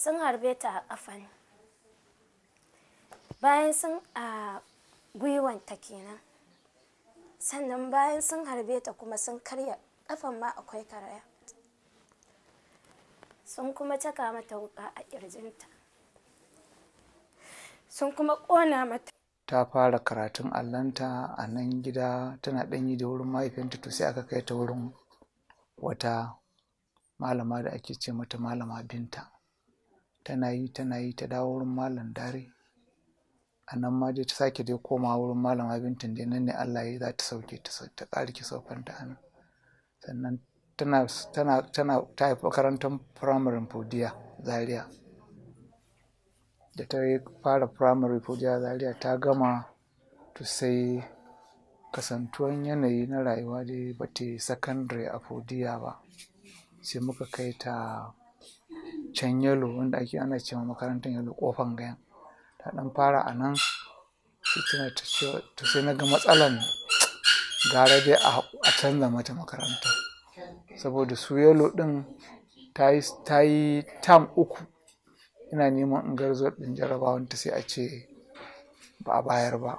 sun harbe ta a kafan bayan sun a gwiwanta kenan sannan bayan sun harbe ta kuma sun karya kafan ma akwai karaya sun kuma caka mata wuka a kirjinta sun kuma kona mata ta fara karatun allanta a nan gida tana ɗanyi da wurin mahaifinta to sai aka kai ta wurin wata malama da ake ce mata malama binta tana yi tana yi ta dawo wurin malam dare a nan ma dai ta sake dai koma wurin malam abinci dai nan ne Allah ya za ta sauke ta ƙarki ta ana, sannan tana tana tana ta haifi makarantar firamare fodiya zaria da ta fara firamare fodiya zaria ta gama to sai kasantuwan yanayi na rayuwa dai ba ta sakandare a fodiya ba sai muka kai ta can yalo wanda ake ana cewa makarantar yalo kofan gayan ta dan fara a nan tana ta sai na ga matsalan gara dai a canza mata makaranta saboda su yalo din ta yi tam uku ina neman in garzo din jarabawan ta sai a ce ba a bayar ba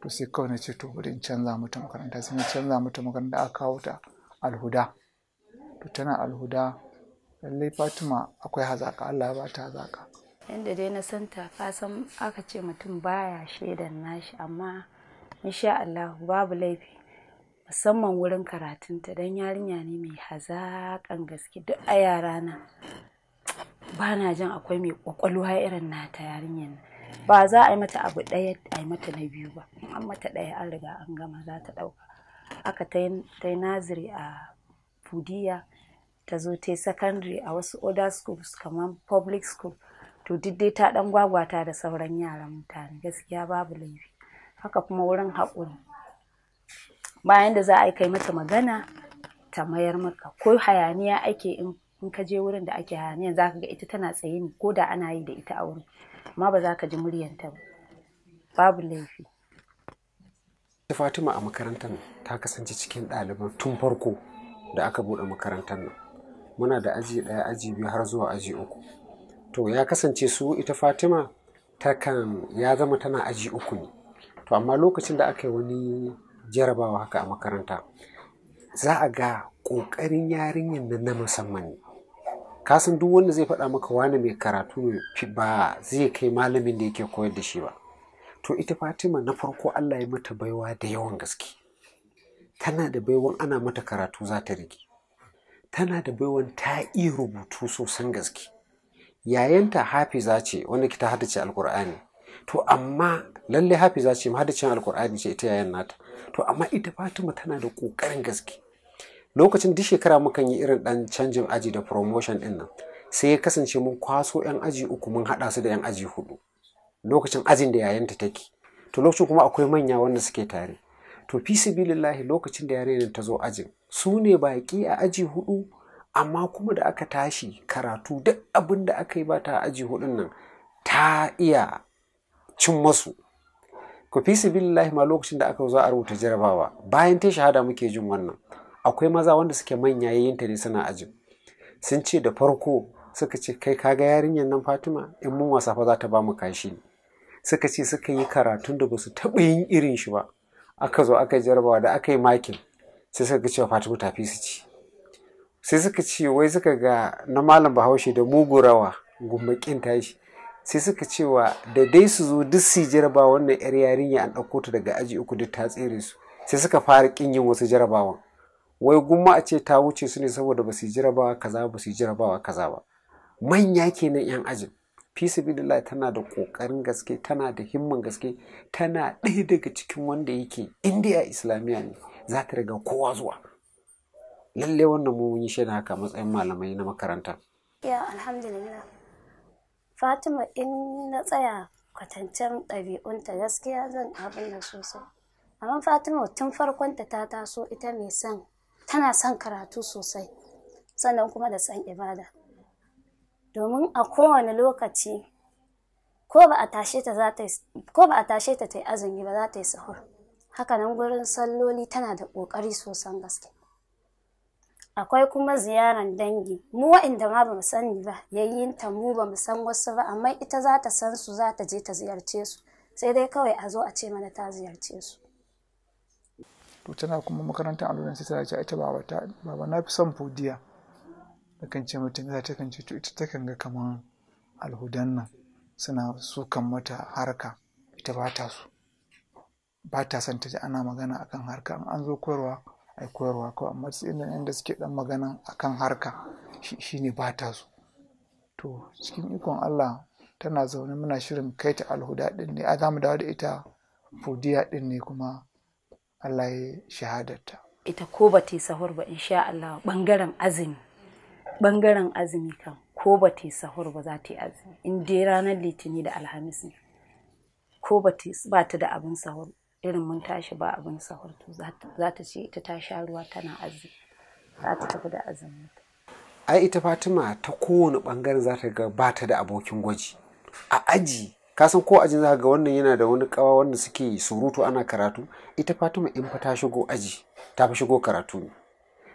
to sai kawai na ce to bari canza mata makaranta sai na canza mata makaranta aka kawo ta alhuda to tana alhuda lallai fatima akwai hazaka allah ba ta hazaka yadda dai na santa ka san aka ce mutum baya shaidan nashi amma insha allah babu laifi musamman wurin karatunta don yarinya ne mai hazakan gaske duk a na ba na jan akwai mai kwakwalwa irin nata yarinya na. ba za a yi mata abu ɗaya a yi mata na biyu ba an mata ɗaya an riga an gama za ta ɗauka aka ta yi naziri a fudiya ta zo ta yi secondary a wasu other schools kamar public school to duk dai ta dan gwagwata da sauran yaran mutane gaskiya babu laifi haka kuma wurin haƙuri bayan da za a yi kai mata magana ta mayar maka ko hayaniya ake in ka je wurin da ake hayaniya za ka ga ita tana tsaye ne ko da ana yi da ita a wurin amma ba za ka ji muryanta ba babu laifi Fatima a makarantar ta kasance cikin ɗaliban tun farko da aka buɗe makarantar nan muna da aji ɗaya aji biyu har zuwa aji uku to ya kasance su ita fatima ta kan ya zama tana aji uku ne to amma lokacin da aka yi wani jarabawa haka a makaranta za a ga ƙoƙarin yarinyar nan na musamman ne kasan duk wanda zai faɗa maka wani mai karatu ba zai kai malamin da yake koyar da shi ba to ita fatima na farko allah ya mata baiwa da yawan gaske tana da baiwan ana mata karatu za ta rike tana da baiwan ta iya rubutu sosan gaske yayanta hafiza ce wanda ki ta hadace alkur'ani to amma lallai hafiza ce mahadacin alkur'ani ce ita yayan nata to amma ita fatima tana da kokarin gaske lokacin duk shekara mukan yi irin ɗan canjin aji da promotion dinnan, nan sai ya kasance mun kwaso 'yan aji uku mun haɗa su da 'yan aji hudu lokacin ajin da yayanta take to lokacin kuma akwai manya wanda suke tare to fi sabilillahi lokacin da yarenin ta zo ajin su ne baƙi a aji hudu amma kuma da aka tashi karatu duk abin da aka yi bata ta aji hudun nan ta iya cin masu ku fi sibilillahi ma lokacin da aka zo a rubuta jarabawa bayan ta shahada muke jin wannan akwai maza wanda suke manya yayinta ne suna aji sun ce da farko suka ce kai kaga yarinyar nan fatima in mun wasa fa za ta ba mu kashi suka ce suka yi karatun da ba su taɓa yin irin shi ba aka zo aka jarabawa da aka yi makin sai suka ga cewa Fatima fi su ci sai suka ce wai suka ga na malam Bahaushe da mugu rawa gumbakin tashi sai suka cewa da dai su zo duk su jarabawa wannan yar yarinya an ɗauko ta daga aji uku duk ta tsere su sai suka fara kin yin wasu jarabawan wai gumma a ce ta wuce su ne saboda ba su jarabawa kaza ba su jarabawa kaza ba manya kenan yan ajin fisa bidillah tana da ƙoƙarin gaske tana da himman gaske tana ɗaya daga cikin wanda yake indiya islamiyya ne za ta riga kowa zuwa lalle wannan mu yi shaida haka matsayin malamai na makaranta ya alhamdulillah fatima in na tsaya kwatancen ɗabi'unta gaskiya zan abin da sosai amma fatima tun farkonta ta taso ita mai son tana son karatu sosai sannan kuma da son ibada domin a kowane lokaci ko ba a tashe ta ta yi azumi ba za ta yi sahur hakanan gurin salloli tana da ƙoƙari sosan gaske akwai kuma ziyarar dangi mu wa'inda ma ba mu sani ba yayin ta mu ba mu san wasu ba amma ita za ta san su za ta je ta ziyarce su sai dai kawai a zo a ce mana ta ziyarce su to tana kuma makarantar alluran sai ta ce ita ba wata ba na fi son fodiya da kan ce mutum za ta kan ce to ita ta kan ga kaman alhudan nan suna sukan mata harka ita ba ta su ba ta son ta ji ana magana akan harka an zo koyarwa ai koyarwa kawai amma sai inda suke dan magana akan harka shine ba ta so to cikin ikon Allah tana zaune muna shirin kai ta alhuda din ne a zamu dawo da ita fudiya din ne kuma Allah ya shahadarta ita ko ba ta sahur ba insha Allah bangaren azumi bangaren azumi kan ko ba ta sahur ba za ta yi azumi in dai ranar litini da alhamis ne ko ba ta da abin sahur irin mun tashi ba abin sahur to za ta ce ta sha ruwa tana azumi za ta tafi da azumi ai ita fatima ta kowane bangaren za ta ga ba ta da abokin gwaji a aji kasan ko ajin za ga wannan yana da wani kawa wanda suke surutu ana karatu ita fatima in fa ta shigo aji ta fi shigo karatu ne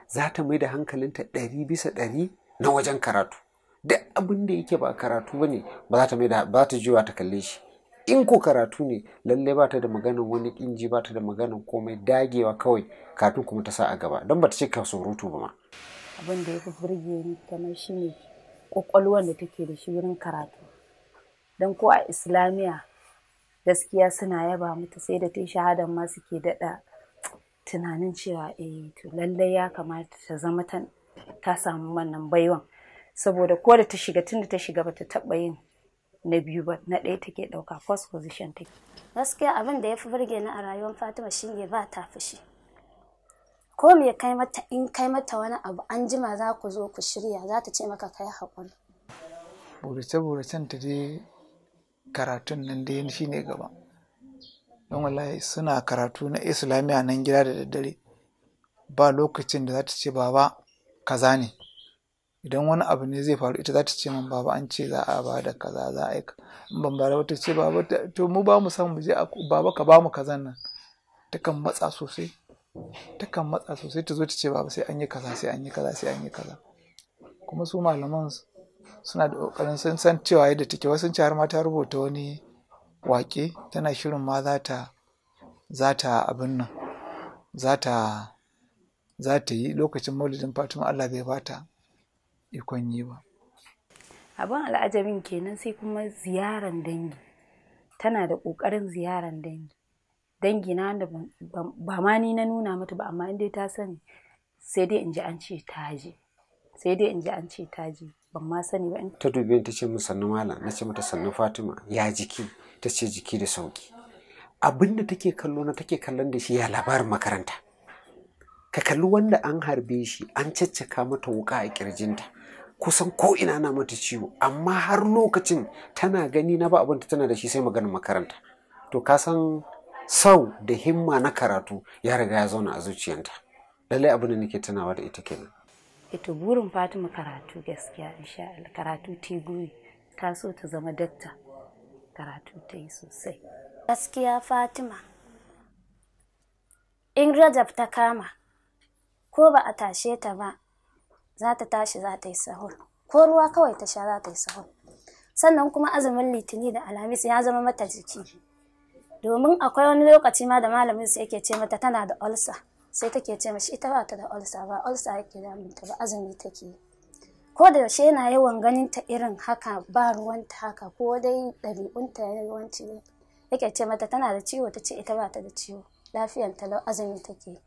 za ta mai da hankalinta ɗari bisa ɗari na wajen karatu duk abin da yake ba karatu ba ne ba za ta juwa ta kalle shi in ko karatu ne lallai ba ta da maganin wani inji ba ta da maganin komai dagewa kawai kafin kuma ta sa a gaba don ba ta ce ka surutu ba ma abin da ya fi burge ni kamar shi ne kwakwalwar da take da shi wurin karatu don ko a islamiyya gaskiya suna yaba mata sai da ta shahadan ma suke daɗa tunanin cewa eh to lallai ya kamata ta zama ta samu wannan baiwan saboda ko da ta shiga tunda ta shiga bata taɓa yin na biyu ba na ɗaya take ɗauka first position take gaskiya abin da ya fi burge ni a rayuwar fatima shine ba ta fushi ko me kai mata in kai mata wani abu an jima za ku zo ku shirya za ta ce maka kai haƙuri burace buracen ta dai karatun nan dai shi ne gaba don wallahi suna karatu na islamiyya nan gida da daddare ba lokacin da za ta ce baba kaza ne idan wani abu ne zai faru ita za ta ce min baba an ce za a ba da kaza za a yi in ban bara ta ce baba to mu ba mu san mu je baba ka ba mu kazan nan takan matsa sosai takan matsa sosai ta zo ta ce baba sai an yi kaza sai an yi kaza sai an yi kaza kuma su malaman suna da kokarin sun san cewa yadda take wasu ci har ma ta rubuta wani wake tana shirin ma za ta za ta abin nan za ta za ta yi lokacin maulidin fatima allah bai bata ikon yi ba abin al'ajabin kenan sai kuma ziyaran dangi tana da ƙoƙarin ziyaran dangi dangi na wanda ba ma ni na nuna mata ba amma inda ta sani sai dai in ji an ce ta je sai dai in ji an ce ta je ban ma sani ba ta dubi ta ce mu sannu malam na ce mata sannu fatima ya jiki ta ce jiki da sauki abin da take kallo na take kallon da shi ya labarin makaranta ka kalli wanda an harbe shi an caccaka mata wuka a kirjinta kusan ko ina na mata ciwo amma har lokacin tana gani na ba abinta tana da shi sai maganin makaranta to ka san sau da himma na karatu ya riga ya zauna a zuciyanta lallai abin da nake tunawa da ita kenan ita burin fatima karatu gaskiya insha Allah karatu teguri ta so ta zama dakta karatu ta yi sosai gaskiya fatima in rajab ta kama ko ba a tashe ta ba za ta tashi za ta yi sahur ko ruwa kawai ta sha za ta yi sahur sannan kuma azumin litini da alhamis ya zama mata jiki domin akwai wani lokaci ma da malamin su yake ce mata tana da olsa sai take ce mashi ita ba ta da olsa ba olsa yake damunta ba azumi take yi ko da yaushe yana yawan ganin ta irin haka ba ruwanta haka ko dai ɗabi'unta yawanci ne yake ce mata tana da ciwo ta ce ita ba ta da ciwo lafiyanta lau azumi take yi